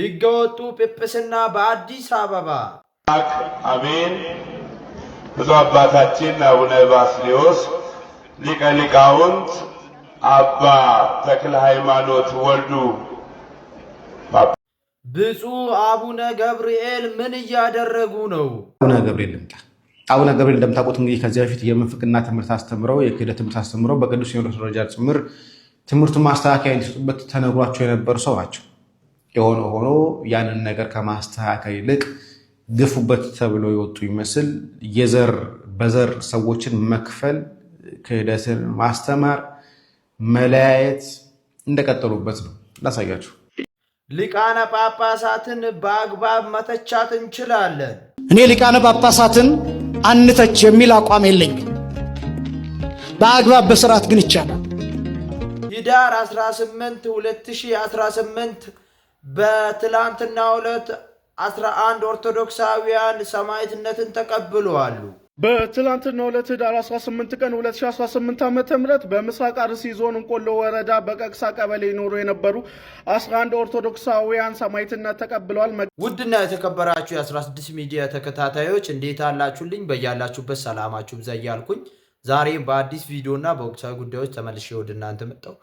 ህገወጡ ጵጵስና በአዲስ አበባ። አሜን። ብዙ አባታችን አቡነ ባስሌዎስ ሊቀ ሊቃውንት አባ ተክለ ሃይማኖት ወልዱ ብፁዕ አቡነ ገብርኤል ምን እያደረጉ ነው? አቡነ ገብርኤል ልምጣ። አቡነ ገብርኤል እንደምታውቁት እንግዲህ ከዚህ በፊት የምንፍቅና ትምህርት አስተምረው የክህደት ትምህርት አስተምረው በቅዱስ ሲኖዶስ ደረጃ ጭምር ትምህርቱን ማስተካከያ እንዲሰጡበት ተነግሯቸው የነበሩ ሰው ናቸው። የሆነ ሆኖ ያንን ነገር ከማስተካከል ይልቅ ግፉበት ተብሎ የወጡ ይመስል የዘር በዘር ሰዎችን መክፈል፣ ክህደትን ማስተማር፣ መለያየት እንደቀጠሉበት ነው። ላሳያችሁ። ሊቃነ ጳጳሳትን በአግባብ መተቻት እንችላለን። እኔ ሊቃነ ጳጳሳትን አንተች የሚል አቋም የለኝም። በአግባብ በስርዓት ግን ይቻላል። ህዳር 18 2018 በትላንትናው ዕለት አስራ አንድ ኦርቶዶክሳውያን ሰማዕትነትን ተቀብለዋል። በትላንትና ሁለት ህዳር 18 ቀን 2018 ዓ ም በምስራቅ አርሲ ዞን እንቆሎ ወረዳ በቀቅሳ ቀበሌ ይኖሩ የነበሩ 11 ኦርቶዶክሳውያን ሰማዕትነት ተቀብለዋል። ውድና የተከበራችሁ የ16 ሚዲያ ተከታታዮች እንዴት አላችሁልኝ? በያላችሁበት ሰላማችሁ ብዛ እያልኩኝ ዛሬም በአዲስ ቪዲዮ እና በወቅታዊ ጉዳዮች ተመልሼ ወደ እናንተ መጣሁ።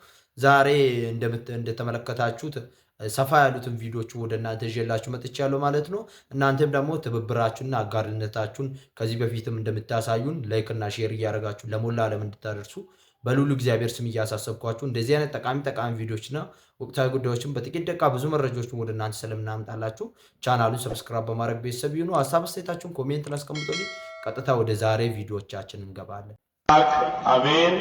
ዛሬ እንደተመለከታችሁት ሰፋ ያሉትን ቪዲዮዎች ወደ እናንተ ይዤላችሁ መጥቻለሁ ማለት ነው። እናንተም ደግሞ ትብብራችሁና አጋርነታችሁን ከዚህ በፊትም እንደምታሳዩን ላይክና ሼር እያደረጋችሁ ለሞላ ዓለም እንድታደርሱ በሉሉ እግዚአብሔር ስም እያሳሰብኳችሁ እንደዚህ አይነት ጠቃሚ ጠቃሚ ቪዲዮዎችና ወቅታዊ ጉዳዮችን በጥቂት ደቂቃ ብዙ መረጃዎችን ወደ እናንተ ስለምናምጣላችሁ ቻናሉን ሰብስክራይብ በማድረግ ቤተሰብ ይሁኑ። ሀሳብ አስተያየታችሁን ኮሜንት አስቀምጡልኝ። ቀጥታ ወደ ዛሬ ቪዲዮዎቻችን እንገባለን። አሜን።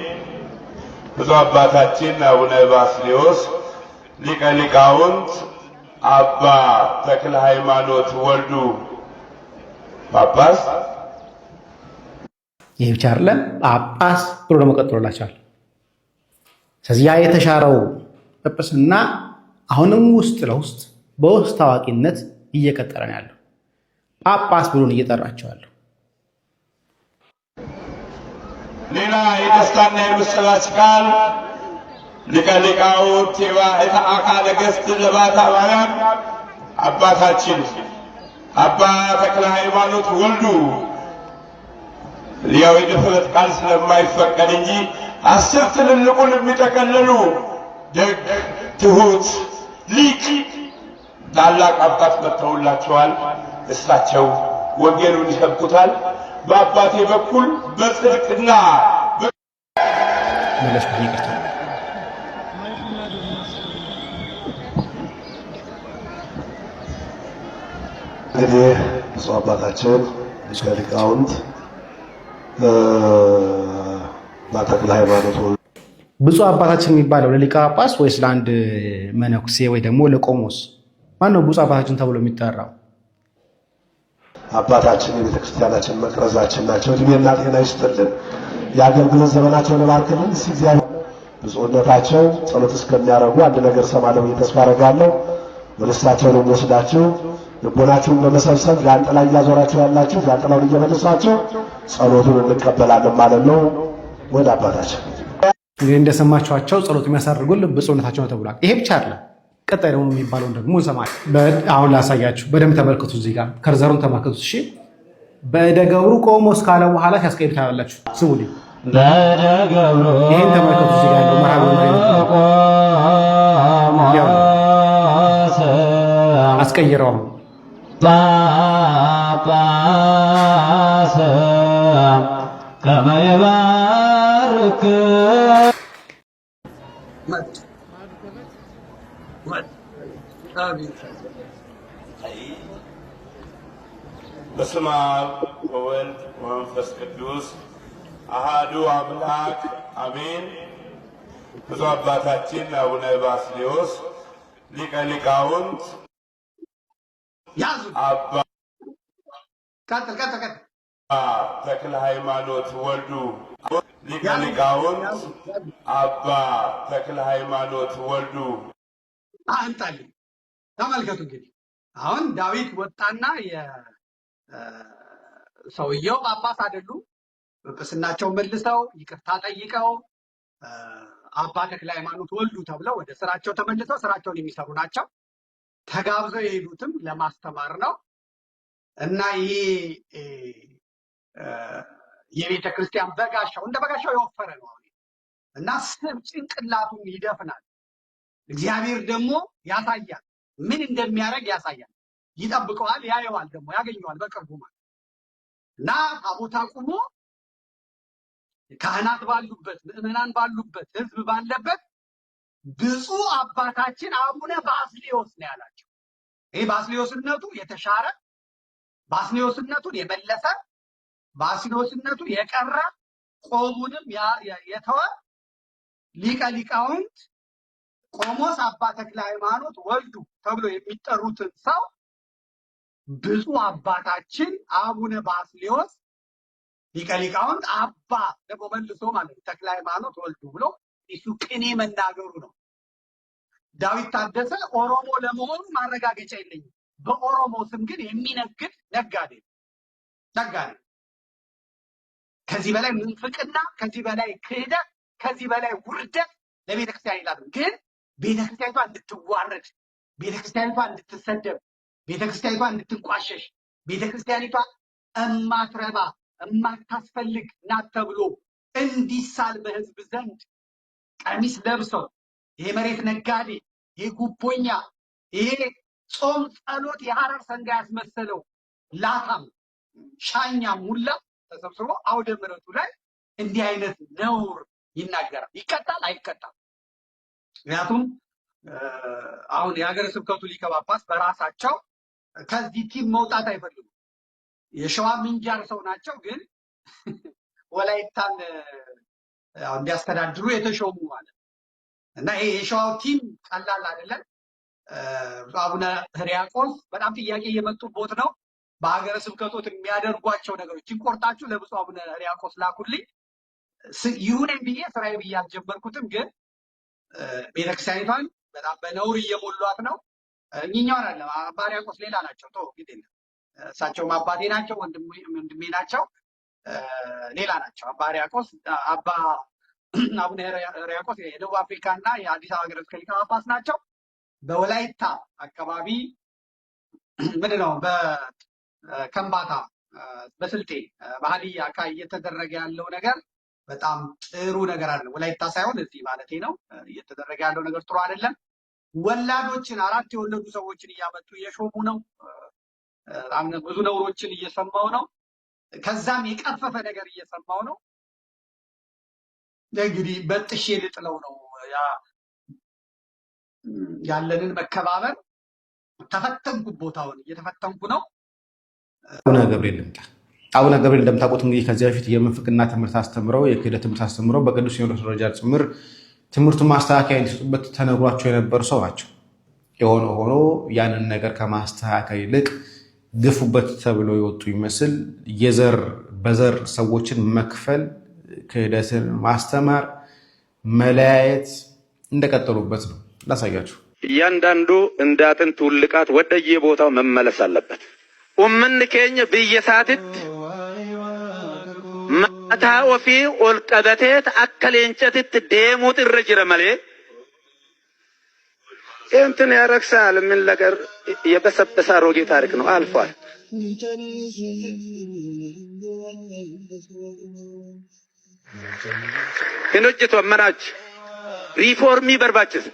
ብዙ አባታችን አቡነ ባስሌዎስ ሊቀ ሊቃውንት አባ ተክለ ሃይማኖት ወልዱ ጳጳስ። ይህ ብቻ አይደለም፣ ጳጳስ ብሎ ደግሞ ቀጥሎላቸዋል። ስለዚህ ያ የተሻረው ጵጵስና አሁንም ውስጥ ለውስጥ በውስጥ ታዋቂነት እየቀጠረ ነው ያለው። ጳጳስ ብሎን እየጠራቸዋለሁ። ሌላ የደስታና የምስራች ቃል ሊቀ ሊቃውንት የባሕታ አካለ ገሥት ዘባሕታ አባታችን አባ ተክለ ሃይማኖት ወልዱ ያው የድፍረት ቃል ስለማይፈቀድ እንጂ አስር ትልልቁን የሚጠቀልሉ ደግ ትሁት ሊቅ ታላቅ አባት መጥተውላቸዋል። እሳቸው ወንጌሉን ይሰብኩታል። በአባቴ በኩል በጽድቅና እንግዲህ ብፁዕ አባታችን ሊቀ ሊቃውንት ተክለ ሃይማኖት ብፁዕ አባታችን የሚባለው ለሊቀ ጳጳስ ወይስ ለአንድ መነኩሴ ወይ ደግሞ ለቆሞስ ማን ነው ብፁዕ አባታችን ተብሎ የሚጠራው? አባታችን የቤተክርስቲያናችን መቅረዛችን ናቸው። እድሜና ጤና ይስጥልን፣ የአገልግሎት ዘመናቸውን ባርክልን። ስ እግዚአብሔር ብፁዕነታቸው ጸሎት እስከሚያደርጉ አንድ ነገር ሰማለሁ ተስፋ አደርጋለሁ። ወደ እሳቸው ነው የሚወስዳችሁ። ልቦናችሁን በመሰብሰብ ዣንጥላ እያዞራችሁ ያላችሁ ዣንጥላውን እየመለሳችሁ ጸሎቱን እንቀበላለን ማለት ነው። ወደ አባታችን እንግዲህ እንደሰማችኋቸው ጸሎት የሚያሳርጉን ብፁዕነታቸው ነው ተብሏል። ይሄ ብቻ አይደለም። ቀጣይ ደግሞ የሚባለውን ደግሞ እንሰማለን። አሁን ላሳያችሁ፣ በደንብ ተመልከቱ። እዚህ ጋር ከርዘሩን ተመልከቱ። እሺ በደገብሩ ቆሞ እስካለ በኋላ ሲያስቀይድ ታያላችሁ። ስሙ ይህን ተመልከቱ። እዚህ ጋር ያለው መርሃ ግብር አስቀይረውም ጳጳስ ከመ ይባርክ በስመ አብ ወወልድ ወመንፈስ ቅዱስ አሃዱ አምላክ አሜን። ብፁዕ አባታችን አቡነ ባስልዮስ ሊቀ ሊቃውንት ያዙ። አባ ቀጥል ቀጥል ቀጥል ተክለ ሃይማኖት ወልዱ ሊቀ ሊቃውንት አባ ተክለ ሃይማኖት ወልዱ አህንጣልኝ። ተመልከቱ እንግዲህ አሁን ዳዊት ወጣና ሰውየው ጳጳስ አይደሉም። ጵጵስናቸው መልሰው ይቅርታ ጠይቀው አባ ተክለ ሃይማኖት ወልዱ ተብለው ወደ ስራቸው ተመልሰው ስራቸውን የሚሰሩ ናቸው። ተጋብዘው የሄዱትም ለማስተማር ነው እና ይሄ የቤተ ክርስቲያን በጋሻው እንደ በጋሻው የወፈረ ነው እና ስብ ጭንቅላቱን ይደፍናል። እግዚአብሔር ደግሞ ያሳያል፣ ምን እንደሚያደርግ ያሳያል። ይጠብቀዋል፣ ያየዋል፣ ደግሞ ያገኘዋል በቅርቡ ማለት እና ታቦታ ቁሞ ካህናት ባሉበት ምእመናን ባሉበት ህዝብ ባለበት ብፁዕ አባታችን አቡነ ባስሊዮስ ነው ያላቸው። ይህ ባስሊዮስነቱ የተሻረ ባስሊዮስነቱን የመለሰ ባስሊዮስነቱ የቀረ ቆቡንም የተወ ሊቀ ሊቃውንት ቆሞስ አባ ተክለ ሃይማኖት ወልዱ ተብሎ የሚጠሩትን ሰው ብፁዕ አባታችን አቡነ ባስሊዮስ ሊቀ ሊቃውንት አባ ደግሞ መልሶ ማለት ተክለ ሃይማኖት ወልዱ ብሎ እሱ ቅኔ መናገሩ ነው። ዳዊት ታደሰ ኦሮሞ ለመሆኑ ማረጋገጫ የለኝም። በኦሮሞ ስም ግን የሚነግድ ነጋዴ ነጋዴ። ከዚህ በላይ ምንፍቅና፣ ከዚህ በላይ ክህደት፣ ከዚህ በላይ ውርደት ለቤተክርስቲያን ይላሉ። ግን ቤተክርስቲያኒቷ እንድትዋረድ፣ ቤተክርስቲያኒቷ እንድትሰደብ፣ ቤተክርስቲያኒቷ እንድትንቋሸሽ፣ ቤተክርስቲያኒቷ እማትረባ እማታስፈልግ ናት ተብሎ እንዲሳል በህዝብ ዘንድ ቀሚስ ለብሰው የመሬት ነጋዴ ይህ ጉቦኛ፣ ይሄ ጾም ጸሎት የሐረር ሰንጋ ያስመሰለው ላታም ሻኛም ሁላ ተሰብስቦ አውደ ምረቱ ላይ እንዲህ አይነት ነውር ይናገራል። ይቀጣል አይቀጣም? ምክንያቱም አሁን የሀገረ ስብከቱ ሊቀ በራሳቸው ከዚህ ቲም መውጣት አይፈልጉም። የሸዋ ምንጃር ሰው ናቸው፣ ግን ወላይታን እንዲያስተዳድሩ የተሾሙ ማለት እና ይሄ የሸዋው ቲም ቀላል አይደለም። አቡነ ህርያቆስ በጣም ጥያቄ የመጡቦት ነው። በሀገረ ስብከቶት የሚያደርጓቸው ነገሮች ይቆርጣችሁ ለብፁ አቡነ ህርያቆስ ላኩልኝ። ይሁን ብዬ ስራዬ ብዬ አልጀመርኩትም፣ ግን ቤተክርስቲያኒቷን በጣም በነውር እየሞሏት ነው። እኚኛው አለ አባ ህርያቆስ ሌላ ናቸው። ቶ እሳቸውም አባቴ ናቸው፣ ወንድሜ ናቸው፣ ሌላ ናቸው። አባ ህርያቆስ አባ አቡነ ሕርያቆስ የደቡብ አፍሪካ እና የአዲስ አበባ ሀገረ ስብከት ሊቀ ጳጳስ ናቸው። በወላይታ አካባቢ ምንድን ነው በከምባታ በስልጤ በሀዲያ አካባቢ እየተደረገ ያለው ነገር በጣም ጥሩ ነገር አለ። ወላይታ ሳይሆን እዚህ ማለት ነው። እየተደረገ ያለው ነገር ጥሩ አይደለም። ወላዶችን አራት የወለዱ ሰዎችን እያመጡ እየሾሙ ነው። ብዙ ነውሮችን እየሰማው ነው። ከዛም የቀፈፈ ነገር እየሰማው ነው። እንግዲህ በጥሽ የልጥለው ነው ያለንን መከባበር ተፈተንኩ ቦታውን እየተፈተንኩ ነው። አቡነ ገብርኤል ልምጣ። አቡነ ገብርኤል እንደምታውቁት እንግዲህ ከዚህ በፊት የምንፍቅና ትምህርት አስተምረው የክህደት ትምህርት አስተምረው በቅዱስ ሲኖዶስ ደረጃ ጭምር ትምህርቱ ማስተካከያ እንዲሰጡበት ተነግሯቸው የነበሩ ሰው ናቸው። የሆነ ሆኖ ያንን ነገር ከማስተካከል ይልቅ ግፉበት ተብሎ የወጡ ይመስል የዘር በዘር ሰዎችን መክፈል ክህደትን ማስተማር፣ መለያየት እንደቀጠሉበት ነው። ላሳያችሁ። እያንዳንዱ እንደ አጥንት ውልቃት ወደየ ቦታው መመለስ አለበት። ኡምን ኬኝ ብየሳትት ማታ ኦፊ ኦልቀበቴት አከሌንጨትት ደሙት ጥረ መሌ እንትን ያረክሳል። ምን ነገር የበሰበሰ አሮጌ ታሪክ ነው፣ አልፏል። hinojjetamanaachi riifoormii barbaachisa.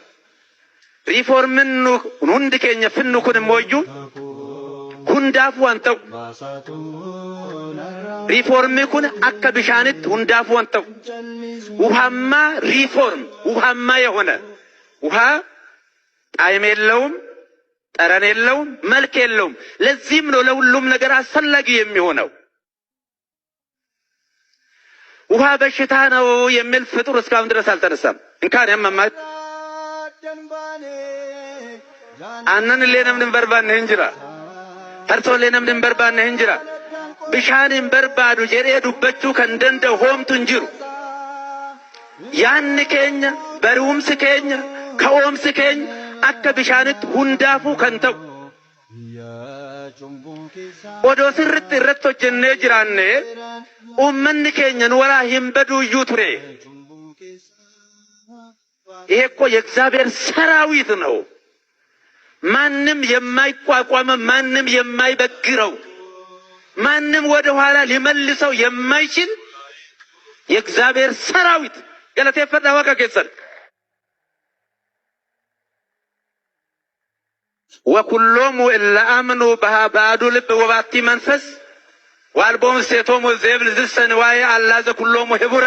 Riifoormiin hundi keenya finnu kun immoo hundaafuu waan ta'u. Riifoormii kun akka bishaanitti hundaafuu waan ta'u. ውሃማ ሪፎርም ውሃማ የሆነ ውሃ ጣዕም የለውም፣ ጠረን የለውም፣ መልክ የለውም። ለዚህም ነው ለሁሉም ነገር አስፈላጊ የሚሆነው። ውሃ በሽታ ነው የሚል ፍጡር እስካሁን ድረስ አልተነሳም። እንካን ያመማት አነን ሌነም ድንበርባን እንጅራ ተርቶ ሌነም ድንበርባን እንጅራ ብሻንን በርባዱ ጀሬ በቹ ከንደንደ ሆምቱ እንጅሩ ያን ከኝ በሩምስ ከኝ ከኦም ከኝ አከ ብሻንት ሁንዳፉ ከንተው ወዶ ስርት ረቶ ጀነ ጅራኔ ኡመን ኬኘን ወራ ሂምበዱዩ ቱሬ ይሄ እኮ የእግዚአብሔር ሰራዊት ነው። ማንም የማይቋቋመ ማንም የማይበግረው ማንም ወደ ኋላ ሊመልሰው የማይችል የእግዚአብሔር ሰራዊት ገለቴፈዳ ዋቀ ኬሰን ወኩሎሙ እለ አምኑ በባዱ ልብ ወባቲ መንፈስ ዋልቦም ስቴቶሙ ዘብል ዝሰ ንዋየ አላ ህቡረ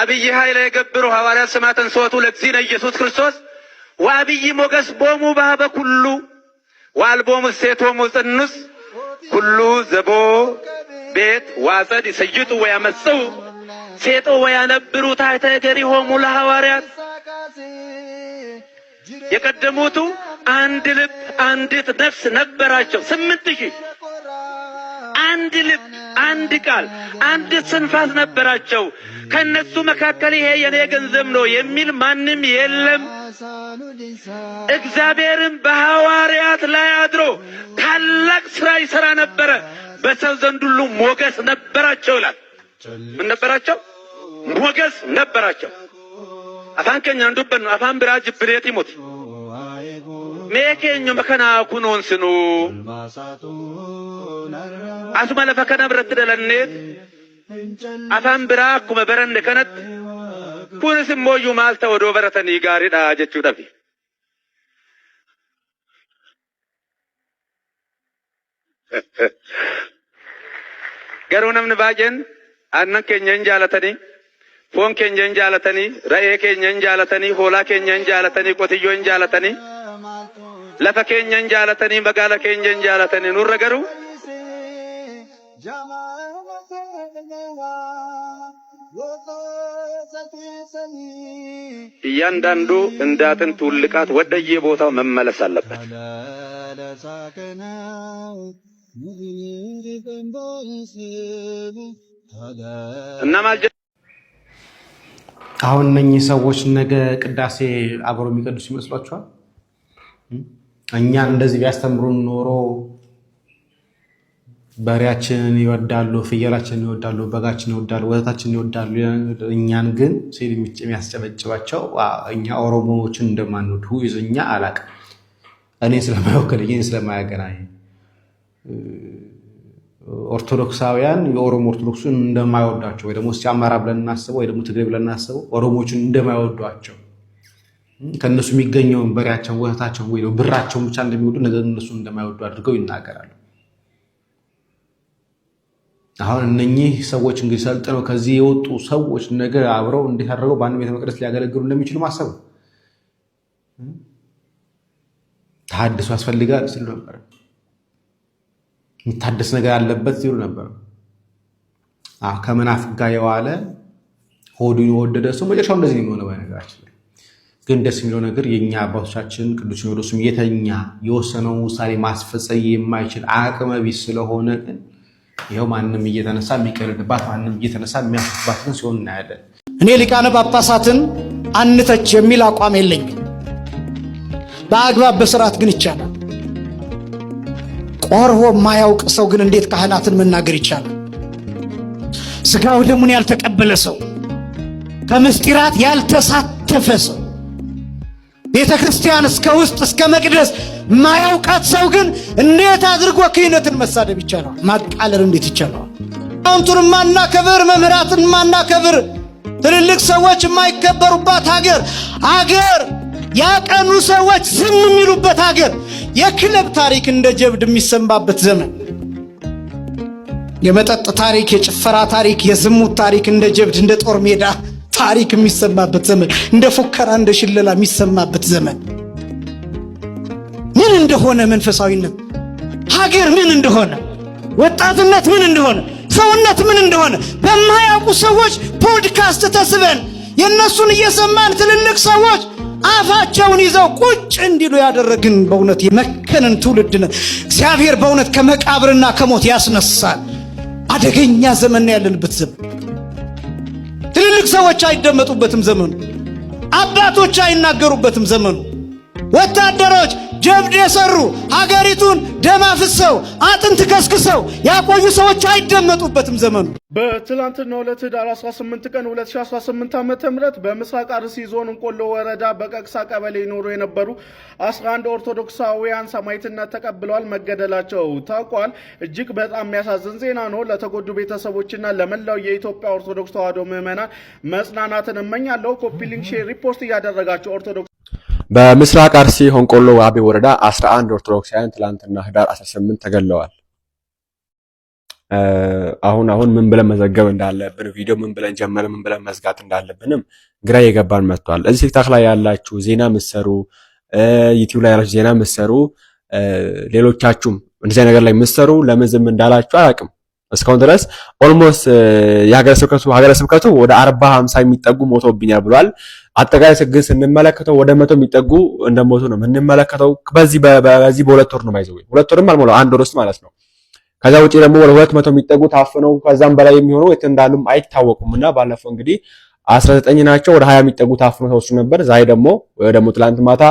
አብይ ኃይለ የገብሩ ሐዋርያት ስማ ተንሥኦቱ ለእግዚእነ ኢየሱስ ክርስቶስ ወአብይ ሞገስ ቦሙ ባበ ኩሉ ዋልቦሙ ስቴቶሙ ጽኑስ ኩሉ ዘቦ ቤት ዋጸድ ይሰይጡ ወያመጽኡ ሴጦ ወያነብሩ ታሕተ እገሪሆሙ ለሐዋርያት የቀደሙቱ አንድ ልብ አንዲት ነፍስ ነበራቸው ስምንት ሺህ አንድ ልብ፣ አንድ ቃል፣ አንድ ስንፋስ ነበራቸው። ከእነሱ መካከል ይሄ የኔ ገንዘብ ነው የሚል ማንም የለም። እግዚአብሔርም በሐዋርያት ላይ አድሮ ታላቅ ሥራ ይሠራ ነበረ። በሰው ዘንድ ሁሉ ሞገስ ነበራቸው ይላል። ምን ነበራቸው? ሞገስ ነበራቸው። አፋን ከኛ እንዱበን አፋን ብራጅ ጅብሬት ይሞት mee keenyuma kanaa kunuunsinu asuma lafa kana biratti dhalanneet afaan biraa akkuma baranne kanatti kunis immooyyuu maal ta'u odoo baratanii gaariidha jechuudhafi. Garuu namni baay'een aannan keenya hin jaalatanii, foon keenya hin jaalatanii, re'ee keenya hin jaalatanii, hoolaa keenya hin jaalatanii, qotiyyoo hin jaalatanii. lafa keenyan jaalatanii magaala keenyan jaalatanii nurra garuu እያንዳንዱ እንዳትን ትውልቃት ወደ የቦታው መመለስ አለበት። አሁን እነኚህ ሰዎች ነገ ቅዳሴ አብረው የሚቀዱስ ይመስሏችኋል? እኛን እንደዚህ ቢያስተምሩን ኖሮ በሬያችንን ይወዳሉ፣ ፍየላችንን ይወዳሉ፣ በጋችን ይወዳሉ፣ ወተታችንን ይወዳሉ። እኛን ግን ሲል የሚያስጨበጭባቸው እኛ ኦሮሞዎችን እንደማንወድ ይዘኛ አላቅ እኔ ስለማይወክል እኔ ስለማያገናኝ ኦርቶዶክሳውያን የኦሮሞ ኦርቶዶክሱን እንደማይወዷቸው ወይ ደግሞ እስኪ አማራ ብለን እናስበው ወይ ደግሞ ትግሬ ብለን እናስበው ኦሮሞዎችን እንደማይወዷቸው ከእነሱ የሚገኘውን በሬያቸውን፣ ወተታቸውን ወይ ብራቸውን ብቻ እንደሚወዱ ነገ እነሱ እንደማይወዱ አድርገው ይናገራሉ። አሁን እነኚህ ሰዎች እንግዲህ ሰልጥነው ከዚህ የወጡ ሰዎች ነገ አብረው እንዴት አድርገው በአንድ ቤተ መቅደስ ሊያገለግሉ እንደሚችሉ ማሰቡ ተሐድሶ ያስፈልጋል ሲሉ ነበር። የሚታደስ ነገር አለበት ሲሉ ነበር። ከመናፍቅ ጋር የዋለ ሆዱን የወደደ ሰው መጨረሻው እንደዚህ የሚሆነ በነገራችን ላይ ግን ደስ የሚለው ነገር የእኛ አባቶቻችን ቅዱስ ሲኖዶስም የተኛ የወሰነውን ውሳኔ ማስፈጸም የማይችል አቅመ ቢስ ስለሆነ ግን ይኸው ማንም እየተነሳ የሚቀልድባት ማንም እየተነሳ የሚያስባት ግን ሲሆን እናያለን። እኔ ሊቃነ ጳጳሳትን አንተች የሚል አቋም የለኝም። በአግባብ በስርዓት ግን ይቻላል። ቆርቦ የማያውቅ ሰው ግን እንዴት ካህናትን መናገር ይቻላል? ስጋው ደሙን ያልተቀበለ ሰው፣ ከምስጢራት ያልተሳተፈ ሰው ቤተ ክርስቲያን እስከ ውስጥ እስከ መቅደስ ማያውቃት ሰው ግን እንዴት አድርጎ ክህነትን መሳደብ ይቻለዋል? ማቃለር እንዴት ይቻለዋል? ሊቃውንቱን ማናከብር መምህራትን ማናከብር ትልልቅ ሰዎች የማይከበሩባት ሀገር አገር ያቀኑ ሰዎች ዝም የሚሉበት ሀገር የክለብ ታሪክ እንደ ጀብድ የሚሰማበት ዘመን የመጠጥ ታሪክ፣ የጭፈራ ታሪክ፣ የዝሙት ታሪክ እንደ ጀብድ እንደ ጦር ሜዳ ታሪክ የሚሰማበት ዘመን፣ እንደ ፉከራ እንደ ሽለላ የሚሰማበት ዘመን ምን እንደሆነ መንፈሳዊነት፣ ሀገር ምን እንደሆነ፣ ወጣትነት ምን እንደሆነ፣ ሰውነት ምን እንደሆነ በማያውቁ ሰዎች ፖድካስት ተስበን የእነሱን እየሰማን ትልልቅ ሰዎች አፋቸውን ይዘው ቁጭ እንዲሉ ያደረግን በእውነት የመከንን ትውልድ ነን። እግዚአብሔር በእውነት ከመቃብርና ከሞት ያስነሳል። አደገኛ ዘመን ያለንበት ዘመን ሰዎች አይደመጡበትም ዘመኑ። አባቶች አይናገሩበትም ዘመኑ። ወታደሮች ጀብድ የሰሩ ሀገሪቱን ደም አፍሰው አጥንት ከስክሰው ያቆዩ ሰዎች አይደመጡበትም ዘመኑ። በትላንትና ሁለት ህዳር 18 ቀን 2018 ዓ ም በምስራቅ አርሲ ዞን እንቆሎ ወረዳ በቀቅሳ ቀበሌ ይኖሩ የነበሩ 11 ኦርቶዶክሳውያን ሰማዕትነት ተቀብለዋል መገደላቸው ታውቋል። እጅግ በጣም የሚያሳዝን ዜና ነው። ለተጎዱ ቤተሰቦችና ለመላው የኢትዮጵያ ኦርቶዶክስ ተዋህዶ ምዕመናን መጽናናትን እመኛለሁ። ኮፒ ሊንክ፣ ሼር፣ ሪፖርት እያደረጋቸው ኦርቶዶክስ በምስራቅ አርሲ ሆንቆሎ ዋቤ ወረዳ 11 ኦርቶዶክሳውያን ትላንትና ህዳር 18 ተገለዋል። አሁን አሁን ምን ብለን መዘገብ እንዳለብን ቪዲዮ ምን ብለን ጀመረ ምን ብለን መዝጋት እንዳለብንም ግራ የገባን መጥቷል። እዚህ ቲክታክ ላይ ያላችሁ ዜና ምሰሩ፣ ዩቲዩብ ላይ ያላችሁ ዜና ምሰሩ፣ ሌሎቻችሁም እንደዚህ ነገር ላይ ምሰሩ ለምን ዝም እንዳላችሁ አላውቅም። እስካሁን ድረስ ኦልሞስት የሀገረ ስብከቱ ሀገረ ስብከቱ ወደ 40 50 የሚጠጉ ሞቶብኛል ብሏል። አጠቃላይ ስግ ስንመለከተው ወደ መቶ የሚጠጉ እንደሞቱ ነው የምንመለከተው። በዚህ በዚህ በሁለት ወር ነው ማይዘው ሁለት ወርም አልሞላ አንድ ወር ውስጥ ማለት ነው። ከዛ ውጪ ደግሞ ወደ ሁለት መቶ የሚጠጉ ታፍነው ከዛም በላይ የሚሆኑ የት እንዳሉም አይታወቁም እና ባለፈው እንግዲህ 19 ናቸው ወደ 20 የሚጠጉ ታፍነው ተወሱ ነበር። ዛሬ ደግሞ ወይ ደግሞ ትላንት ማታ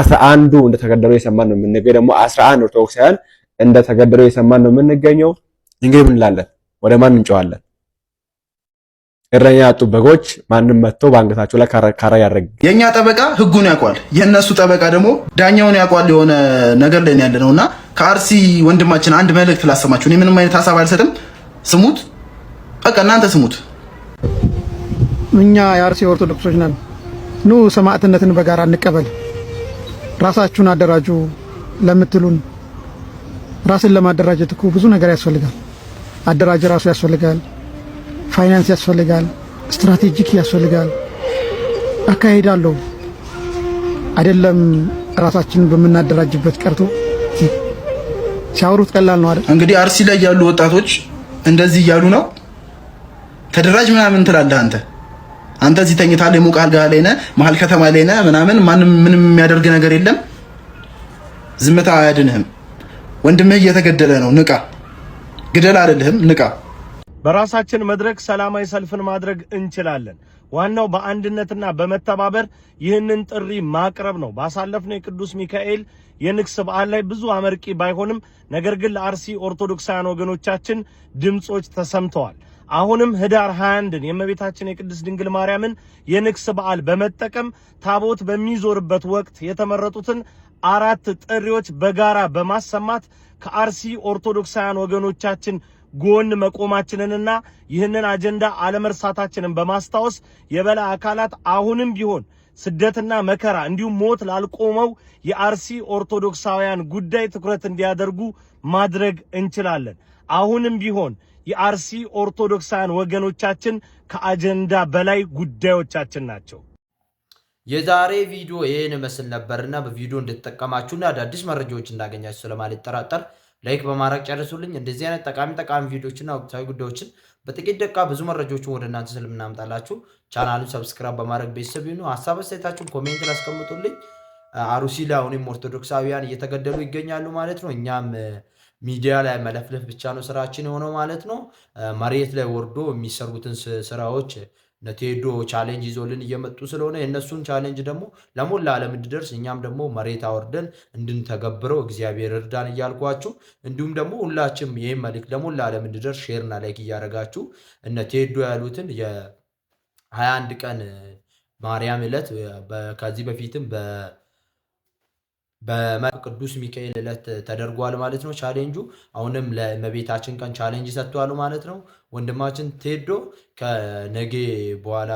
11ዱ እንደተገደሉ የሰማን ነው የምንገኘው። ደግሞ 11 ኦርቶዶክሳውያን እንደተገደሉ የሰማን ነው የምንገኘው። እንግዲህ ምን እንላለን? ወደ ማን እንጨዋለን? እረኛ ያጡ በጎች ማንም መጥቶ በአንገታቸው ላይ ካራ ያደረግ። የእኛ ጠበቃ ህጉን ያውቋል፣ የእነሱ ጠበቃ ደግሞ ዳኛውን ያውቋል። የሆነ ነገር ላይ ያለ ነው እና ከአርሲ ወንድማችን አንድ መልእክት ላሰማችሁ። እኔ ምንም አይነት ሀሳብ አልሰጥም። ስሙት፣ በቃ እናንተ ስሙት። እኛ የአርሲ ኦርቶዶክሶች ነን። ኑ ሰማዕትነትን በጋራ እንቀበል። ራሳችሁን አደራጁ ለምትሉን ራስን ለማደራጀት እኮ ብዙ ነገር ያስፈልጋል። አደራጅ ራሱ ያስፈልጋል። ፋይናንስ ያስፈልጋል፣ ስትራቴጂክ ያስፈልጋል። አካሄዳለሁ አይደለም ራሳችን በምናደራጅበት ቀርቶ ሲያወሩት ቀላል ነው አይደል? እንግዲህ አርሲ ላይ ያሉ ወጣቶች እንደዚህ እያሉ ነው። ተደራጅ ምናምን ትላለህ አንተ አንተ እዚህ ተኝታል የሞቀ አልጋ ላይ ነህ፣ መሀል ከተማ ላይ ነህ ምናምን፣ ማንም ምንም የሚያደርግ ነገር የለም። ዝምታ አያድንህም። ወንድምህ እየተገደለ ነው፣ ንቃ። ግደል አልልህም፣ ንቃ። በራሳችን መድረክ ሰላማዊ ሰልፍን ማድረግ እንችላለን። ዋናው በአንድነትና በመተባበር ይህንን ጥሪ ማቅረብ ነው። ባሳለፍነው የቅዱስ ሚካኤል የንግስ በዓል ላይ ብዙ አመርቂ ባይሆንም ነገር ግን ለአርሲ ኦርቶዶክሳውያን ወገኖቻችን ድምፆች ተሰምተዋል። አሁንም ህዳር 21ን የእመቤታችን የቅድስት ድንግል ማርያምን የንግስ በዓል በመጠቀም ታቦት በሚዞርበት ወቅት የተመረጡትን አራት ጥሪዎች በጋራ በማሰማት ከአርሲ ኦርቶዶክሳውያን ወገኖቻችን ጎን መቆማችንንና ይህንን አጀንዳ አለመርሳታችንን በማስታወስ የበላይ አካላት አሁንም ቢሆን ስደትና መከራ እንዲሁም ሞት ላልቆመው የአርሲ ኦርቶዶክሳውያን ጉዳይ ትኩረት እንዲያደርጉ ማድረግ እንችላለን። አሁንም ቢሆን የአርሲ ኦርቶዶክሳውያን ወገኖቻችን ከአጀንዳ በላይ ጉዳዮቻችን ናቸው። የዛሬ ቪዲዮ ይህን መስል ነበርና በቪዲዮ እንድትጠቀማችሁና አዳዲስ መረጃዎች እንዳገኛችሁ ስለማልጠራጠር ላይክ በማድረግ ጨርሱልኝ። እንደዚህ አይነት ጠቃሚ ጠቃሚ ቪዲዮዎችና ወቅታዊ ጉዳዮችን በጥቂት ደቂቃ ብዙ መረጃዎችን ወደ እናንተ ስለምናምጣላችሁ ቻናሉን ሰብስክራይብ በማድረግ ቤተሰብ ይሁኑ። ሀሳብ አስተያየታችሁን ኮሜንት ላስቀምጡልኝ። አሩሲ ላይ አሁንም ኦርቶዶክሳዊያን እየተገደሉ ይገኛሉ ማለት ነው። እኛም ሚዲያ ላይ መለፍለፍ ብቻ ነው ስራችን የሆነው ማለት ነው። መሬት ላይ ወርዶ የሚሰሩትን ስራዎች ነቴዶ ቻሌንጅ ይዞልን እየመጡ ስለሆነ የእነሱን ቻሌንጅ ደግሞ ለሞላ ዓለም እንድደርስ እኛም ደግሞ መሬት አወርደን እንድንተገብረው እግዚአብሔር እርዳን እያልኳችሁ እንዲሁም ደግሞ ሁላችም ይህም መልክ ለሞላ ዓለም እንድደርስ ሼርና ላይክ እያደረጋችሁ እነ ቴዶ ያሉትን የ21 ቀን ማርያም ዕለት ከዚህ በፊትም በመልአኩ ቅዱስ ሚካኤል ዕለት ተደርጓል ማለት ነው። ቻሌንጁ አሁንም ለእመቤታችን ቀን ቻሌንጅ ሰጥቷል ማለት ነው። ወንድማችን ቴዶ ከነጌ በኋላ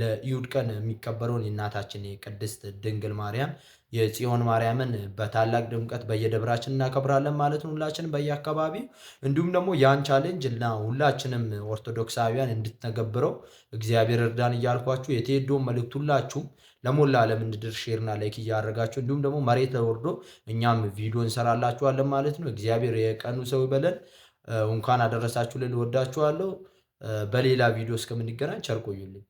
ለእሑድ ቀን የሚከበረውን የእናታችን የቅድስት ድንግል ማርያም የጽዮን ማርያምን በታላቅ ድምቀት በየደብራችን እናከብራለን ማለት ነው። ሁላችንም በየአካባቢው እንዲሁም ደግሞ ያን ቻሌንጅ እና ሁላችንም ኦርቶዶክሳዊያን እንድትነገብረው እግዚአብሔር እርዳን እያልኳችሁ የቴዶ መልእክት ሁላችሁም ለሞላ ዓለም እንድድር ሼርና ላይክ እያደረጋችሁ እንዲሁም ደግሞ መሬት ወርዶ እኛም ቪዲዮ እንሰራላችኋለን ማለት ነው። እግዚአብሔር የቀኑ ሰው ይበለን። እንኳን አደረሳችሁ ልል ወዳችኋለሁ። በሌላ ቪዲዮ እስከምንገናኝ ቸር ቆዩልኝ።